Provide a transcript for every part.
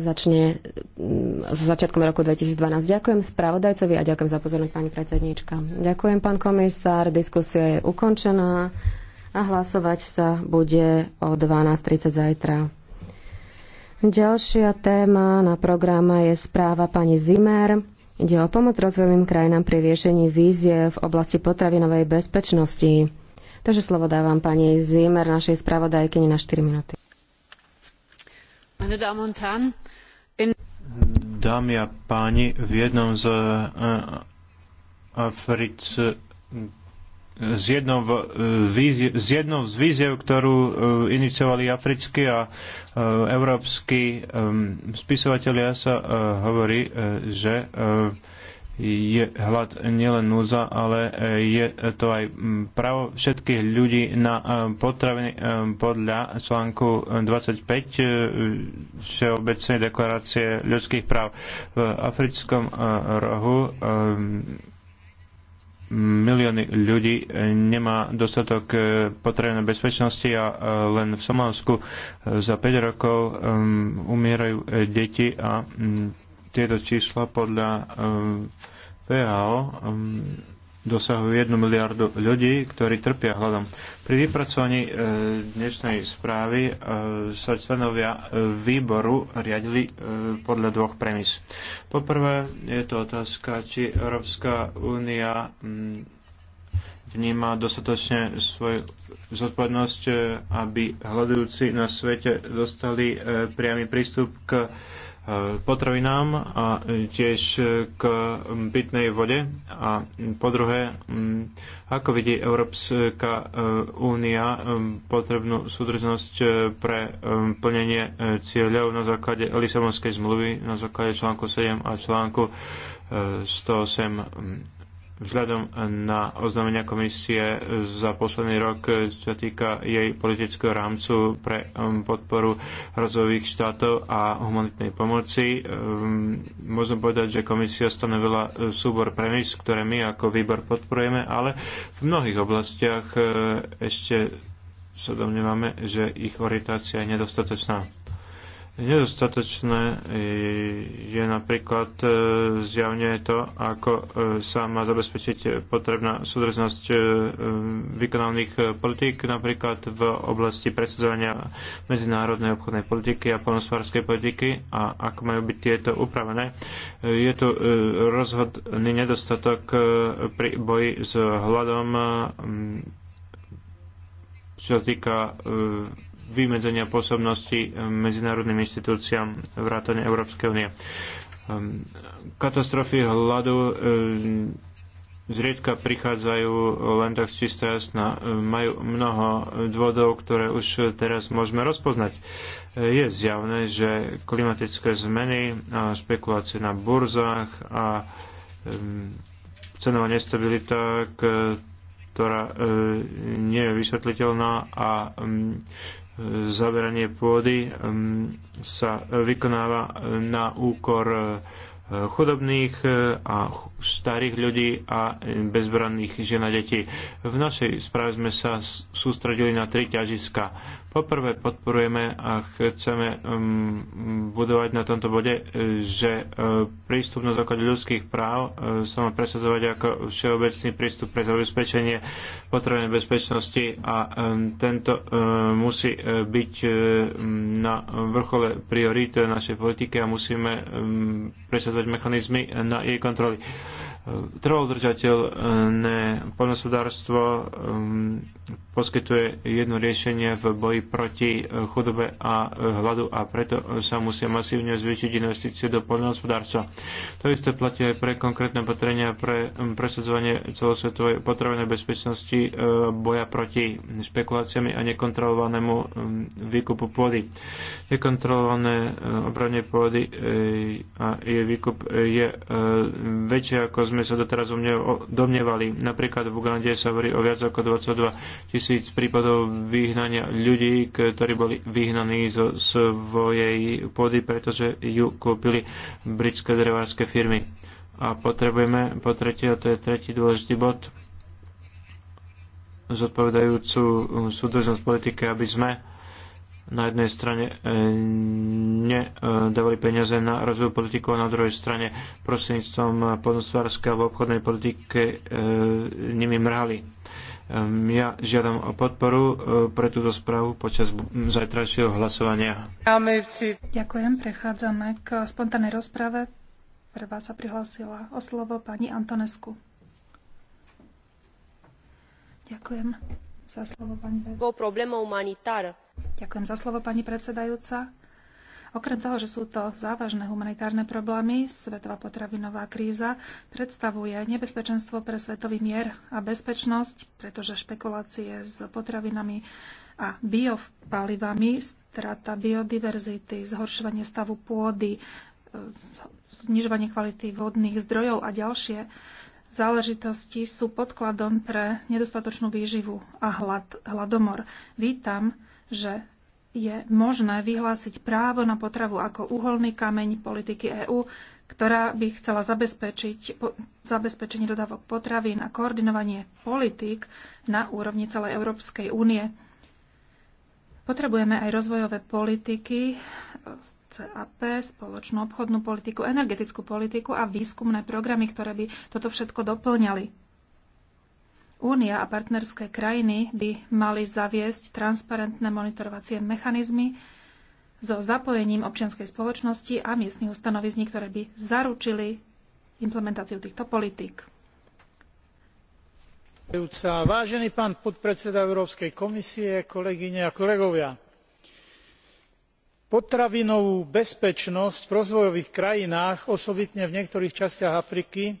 začne mm, so začiatkom roku 2012. Ďakujem spravodajcovi a ďakujem za pozornosť pani predsedníčka. Ďakujem, pán komisár. Diskusia je ukončená a hlasovať sa bude o 12.30 zajtra. Ďalšia téma na programe je správa pani Zimmer. Ide o pomoc rozvojovým krajinám pri riešení vízie v oblasti potravinovej bezpečnosti. Takže slovo dávam pani Zimmer, našej spravodajkyni, na 4 minúty. Dámy a páni, v jednom z eh, Afric z jednou, eh, z jednou z víziev, ktorú eh, iniciovali africkí a európsky spisovatelia sa hovorí, že je hlad nielen núza, ale e, je to aj právo všetkých ľudí na e, potraviny e, podľa článku 25 Všeobecnej deklarácie ľudských práv. V africkom rohu milióny ľudí nemá dostatok potrebnej bezpečnosti a len v Somálsku za 5 rokov umierajú deti a tieto čísla podľa eh, PAO eh, dosahujú 1 miliardu ľudí, ktorí trpia hľadom. Pri vypracovaní eh, dnešnej správy sa členovia výboru riadili podľa dvoch premis. Poprvé je to otázka, či Európska únia hm, vníma dostatočne svoju zodpovednosť, e, aby hľadujúci na svete dostali e, priamy prístup k e, potravinám a tiež k pitnej vode. A po druhé, ako vidí Európska únia potrebnú súdržnosť pre plnenie cieľov na základe Lisabonskej zmluvy, na základe článku 7 a článku 108 vzhľadom na oznámenia komisie za posledný rok, čo týka jej politického rámcu pre um, podporu rozvojových štátov a humanitnej pomoci. Um, môžem povedať, že komisia stanovila uh, súbor premis, ktoré my ako výbor podporujeme, ale v mnohých oblastiach uh, ešte sa domnievame, že ich orientácia je nedostatočná Nedostatočné e, je napríklad e, zjavne to, ako e, sa má zabezpečiť potrebná súdržnosť vykonaných politík, napríklad v oblasti presadzovania medzinárodnej obchodnej politiky a polnospárskej politiky a ako majú byť tieto upravené. Je tu rozhodný nedostatok pri boji s hľadom, čo sa týka vymedzenia pôsobnosti eh, medzinárodným inštitúciám vrátane Európskej únie. Ehm, katastrofy hladu eh, zriedka prichádzajú len tak z čistého jasná. Eh, majú mnoho dôvodov, ktoré už teraz môžeme rozpoznať. Je zjavné, že klimatické zmeny a špekulácie na burzách a ehm, cenová nestabilita, ktorá nie je vysvetliteľná a ehm, zaberanie pôdy sa e, vykonáva e, na úkor e, chudobných a starých ľudí a e, bezbranných žien a detí. V našej správe sme sa sústredili na tri ťažiska. Poprvé podporujeme a chceme um, budovať na tomto bode, e, že e, prístup na základe ľudských práv sa má presadzovať ako všeobecný prístup pre zabezpečenie potrebnej bezpečnosti a um, tento musí byť na vrchole priorite našej politiky a musíme um, presadzovať mechanizmy na jej kontroly. Trvodržateľné poľnohospodárstvo um, poskytuje jedno riešenie v boji proti eh, chudobe a eh, hladu a preto eh, sa musia masívne zvýšiť investície do poľnohospodárstva. To isté platí aj pre konkrétne opatrenia pre hm, presadzovanie celosvetovej potravenej bezpečnosti, boja proti špekuláciami a nekontrolovanému hm, výkupu pôdy. Nekontrolované obranie pôdy a jej výkup je väčšia ako sme sa doteraz domnievali. Napríklad v Ugande sa hovorí o viac ako 22 tisíc prípadov vyhnania ľudí, ktorí boli vyhnaní zo svojej pôdy, pretože ju kúpili britské drevárske firmy. A potrebujeme, po tretie, a to je tretí dôležitý bod, zodpovedajúcu súdržnosť politike, aby sme na jednej strane e, nedávali peniaze na rozvoj politiku a na druhej strane prostredníctvom podnosvárska v obchodnej politike nimi mrhali. Ja žiadam o podporu e, pre túto správu počas zajtrajšieho hlasovania. Ďakujem, prechádzame k spontánnej rozprave. Prvá sa prihlásila o slovo pani Antonesku. Ďakujem za slovo, pani Bebe. Ďakujem za slovo, pani predsedajúca. Okrem toho, že sú to závažné humanitárne problémy, svetová potravinová kríza predstavuje nebezpečenstvo pre svetový mier a bezpečnosť, pretože špekulácie s potravinami a biopalivami, strata biodiverzity, zhoršovanie stavu pôdy, e, znižovanie kvality vodných zdrojov a ďalšie záležitosti sú podkladom pre nedostatočnú výživu a hlad, hladomor. Vítam že je možné vyhlásiť právo na potravu ako uholný kameň politiky EÚ, ktorá by chcela zabezpečiť po, zabezpečenie dodávok potravín a koordinovanie politík na úrovni celej Európskej únie. Potrebujeme aj rozvojové politiky, e, CAP, spoločnú obchodnú politiku, energetickú politiku a výskumné programy, ktoré by toto všetko doplňali. Únia a partnerské krajiny by mali zaviesť transparentné monitorovacie mechanizmy so zapojením občianskej spoločnosti a miestnych ustanovizní, ktoré by zaručili implementáciu týchto politík. Vážený pán podpredseda Európskej komisie, kolegyne a kolegovia, potravinovú bezpečnosť v rozvojových krajinách, osobitne v niektorých častiach Afriky,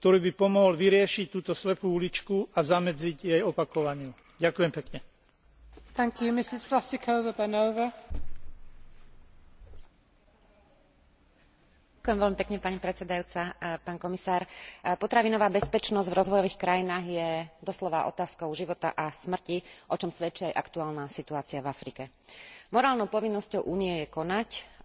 ktorý by pomohol vyriešiť túto slepú uličku a zamedziť jej opakovaniu. ďakujem pekne. ďakujem veľmi pekne pani predsedajúca pán komisár potravinová bezpečnosť v rozvojových krajinách je doslova otázkou života a smrti o čom svedčí aj aktuálna situácia v afrike. morálnou povinnosťou únie je konať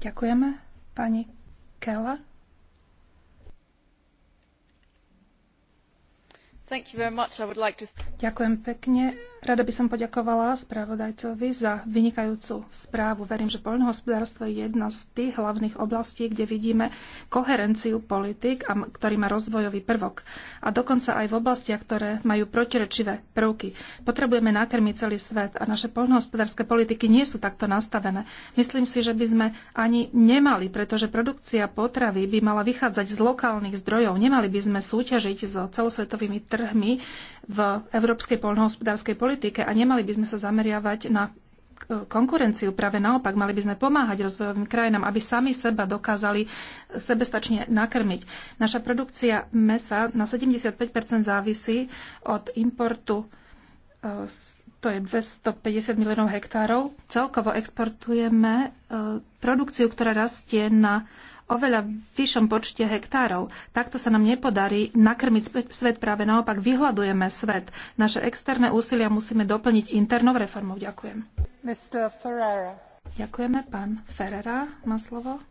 Ďakujeme, pani Keller. Ďakujem pekne. Rada by som poďakovala spravodajcovi za vynikajúcu správu. Verím, že poľnohospodárstvo je jedna z tých hlavných oblastí, kde vidíme koherenciu politik, a ktorý má rozvojový prvok. A dokonca aj v oblastiach, ktoré majú protirečivé prvky. Potrebujeme nakrmiť celý svet a naše poľnohospodárske politiky nie sú takto nastavené. Myslím si, že by sme ani nemali, pretože produkcia potravy by mala vychádzať z lokálnych zdrojov. Nemali by sme súťažiť so celosvetovými trhmi trhmi v európskej poľnohospodárskej politike a nemali by sme sa zameriavať na e, konkurenciu. Práve naopak, mali by sme pomáhať rozvojovým krajinám, aby sami seba dokázali sebestačne nakrmiť. Naša produkcia mesa na 75 závisí od importu e, to je 250 miliónov hektárov. Celkovo exportujeme e, produkciu, ktorá rastie na oveľa vyššom počte hektárov. Takto sa nám nepodarí nakrmiť svet, práve naopak vyhľadujeme svet. Naše externé úsilia musíme doplniť internou reformou. Ďakujem. Mr. Ferreira. Ďakujeme. Pán Ferrera má slovo.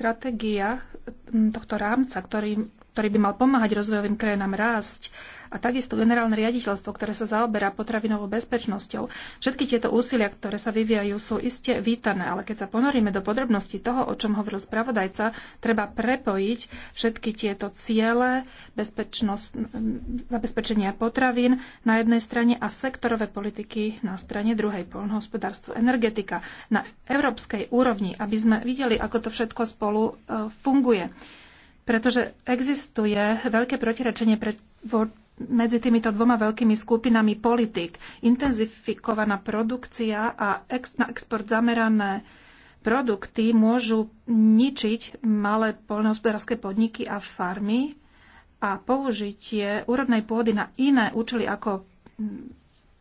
Stratégia tohto rámca, ktorým ktorý by mal pomáhať rozvojovým krajinám rásť a takisto generálne riaditeľstvo, ktoré sa zaoberá potravinovou bezpečnosťou. Všetky tieto úsilia, ktoré sa vyvíjajú, sú iste vítané, ale keď sa ponoríme do podrobností toho, o čom hovoril spravodajca, treba prepojiť všetky tieto ciele zabezpečenia potravín na jednej strane a sektorové politiky na strane druhej, poľnohospodárstvo, energetika na európskej úrovni, aby sme videli, ako to všetko spolu e, funguje pretože existuje veľké protirečenie pre, vo, medzi týmito dvoma veľkými skupinami politik. Intenzifikovaná produkcia a ex, na export zamerané produkty môžu ničiť malé poľnohospodárske podniky a farmy a použitie úrodnej pôdy na iné účely ako mm,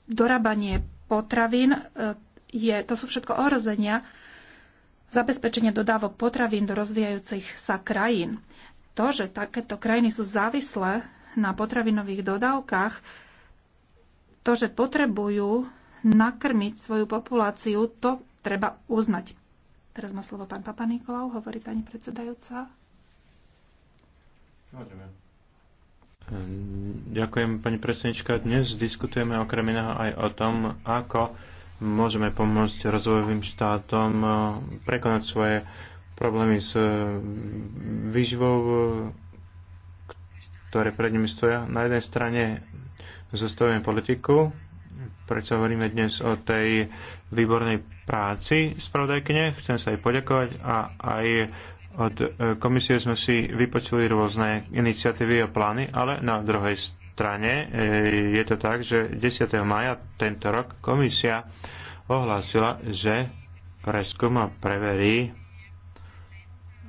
dorábanie potravín e, je, to sú všetko ohrozenia zabezpečenia dodávok potravín do rozvíjajúcich sa krajín. To, že takéto krajiny sú závislé na potravinových dodávkach, to, že potrebujú nakrmiť svoju populáciu, to treba uznať. Teraz má slovo pán Papa Nikolau, hovorí pani predsedajúca. Ďakujem, pani predsednička. Dnes diskutujeme okrem iného aj o tom, ako môžeme pomôcť rozvojovým štátom eh, prekonať svoje problémy s eh, výživou, eh, ktoré pred nimi stoja. Na jednej strane zostavujeme politiku, prečo hovoríme dnes o tej výbornej práci spravodajkne. Chcem sa aj poďakovať a aj od eh, komisie sme si vypočuli rôzne iniciatívy a plány, ale na druhej strane je to tak, že 10. maja tento rok komisia ohlásila, že preskúma preverí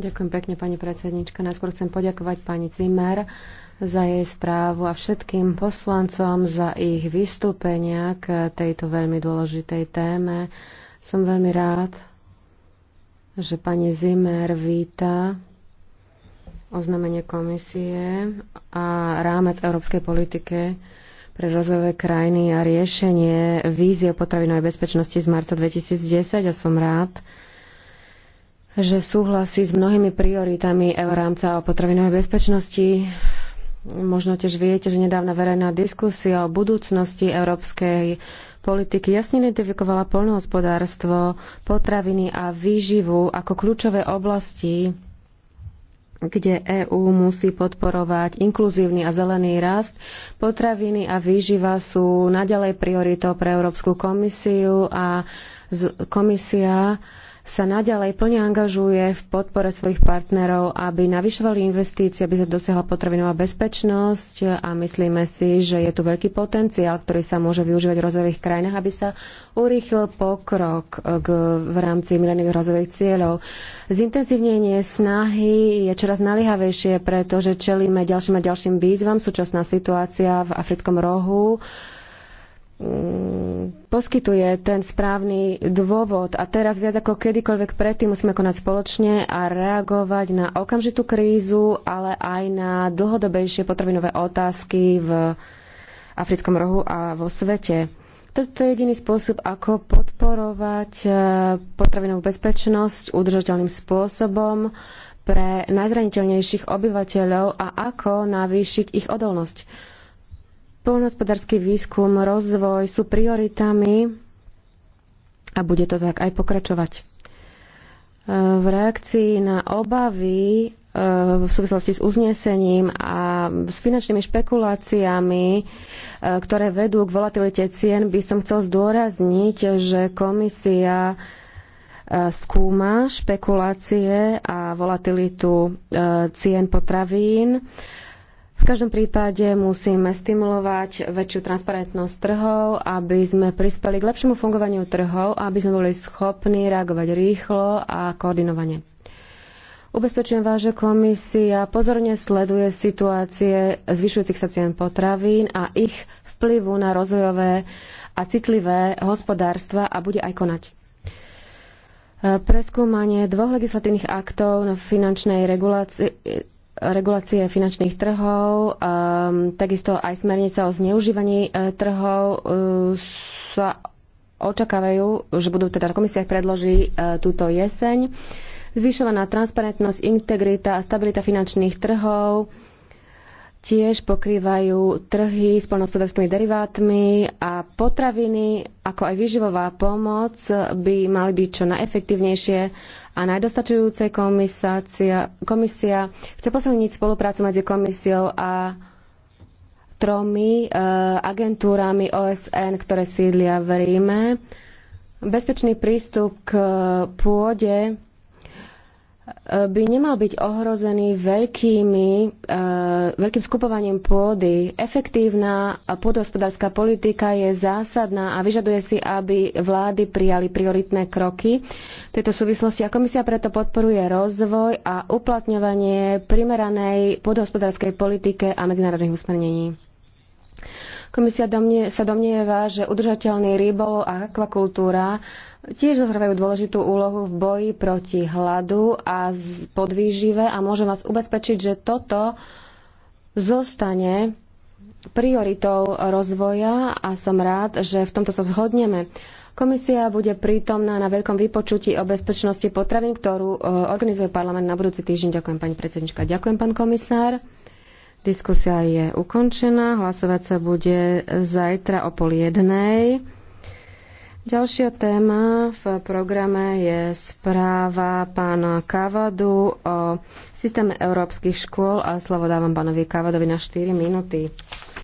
Ďakujem pekne, pani predsednička. Najskôr chcem poďakovať pani Cimer za jej správu a všetkým poslancom za ich vystúpenia k tejto veľmi dôležitej téme. Som veľmi rád, že pani Zimmer víta oznámenie komisie a rámec európskej politike pre rozvojové krajiny a riešenie vízie o potravinovej bezpečnosti z marca 2010 a som rád, že súhlasí s mnohými prioritami Eurámca o potravinovej bezpečnosti. Možno tiež viete, že nedávna verejná diskusia o budúcnosti európskej politiky jasne identifikovala poľnohospodárstvo, potraviny a výživu ako kľúčové oblasti, kde EÚ musí podporovať inkluzívny a zelený rast. Potraviny a výživa sú naďalej prioritou pre Európsku komisiu a komisia sa naďalej plne angažuje v podpore svojich partnerov, aby navyšovali investície, aby sa dosiahla potravinová bezpečnosť a myslíme si, že je tu veľký potenciál, ktorý sa môže využívať v rozvojových krajinách, aby sa urýchlil pokrok k, v rámci milených rozvojových cieľov. Zintenzívnenie snahy je čoraz naliehavejšie, pretože čelíme ďalším a ďalším výzvam. Súčasná situácia v africkom rohu Mm, poskytuje ten správny dôvod a teraz viac ako kedykoľvek predtým musíme konať spoločne a reagovať na okamžitú krízu, ale aj na dlhodobejšie potravinové otázky v africkom rohu a vo svete. Toto je jediný spôsob, ako podporovať eh, potravinovú bezpečnosť udržateľným spôsobom pre najzraniteľnejších obyvateľov a ako navýšiť ich odolnosť. Polnohospodársky výskum, rozvoj sú prioritami a bude to tak aj pokračovať. E, v reakcii na obavy e, v súvislosti s uznesením a s finančnými špekuláciami, e, ktoré vedú k volatilite cien, by som chcel zdôrazniť, že komisia skúma špekulácie a volatilitu cien potravín v každom prípade musíme stimulovať väčšiu transparentnosť trhov, aby sme prispeli k lepšiemu fungovaniu trhov, aby sme boli schopní reagovať rýchlo a koordinovane. Ubezpečujem vás, že komisia pozorne sleduje situácie zvyšujúcich sa cien potravín a ich vplyvu na rozvojové a citlivé hospodárstva a bude aj konať. Preskúmanie dvoch legislatívnych aktov na finančnej regulácii regulácie finančných trhov, um, takisto aj smernica o zneužívaní uh, trhov uh, sa očakávajú, že budú teda komisiách predloží uh, e, túto jeseň. Zvyšovaná transparentnosť, integrita a stabilita finančných trhov tiež pokrývajú trhy s polnohospodárskymi derivátmi a potraviny, ako aj výživová pomoc by mali byť čo najefektívnejšie a komisácia, komisia chce posilniť spoluprácu medzi komisiou a tromi e, agentúrami OSN, ktoré sídlia v Ríme. Bezpečný prístup k pôde by nemal byť ohrozený veľkými, e, veľkým skupovaním pôdy. Efektívna pôdohospodárska politika je zásadná a vyžaduje si, aby vlády prijali prioritné kroky v tejto súvislosti a komisia preto podporuje rozvoj a uplatňovanie primeranej pôdohospodárskej politike a medzinárodných usmernení. Komisia domnie, sa domnieva, že udržateľný rybolov a akvakultúra tiež zohrávajú dôležitú úlohu v boji proti hladu a podvýžive a môžem vás ubezpečiť, že toto zostane prioritou rozvoja a som rád, že v tomto sa zhodneme. Komisia bude prítomná na veľkom vypočutí o bezpečnosti potravín, ktorú e, organizuje parlament na budúci týždeň. Ďakujem pani predsednička, ďakujem pán komisár. Diskusia je ukončená, hlasovať sa bude zajtra o pol jednej. Ďalšia téma v programe je správa pána Kavadu o systéme európskych škôl a slovo dávam pánovi Kavadovi na 4 minúty.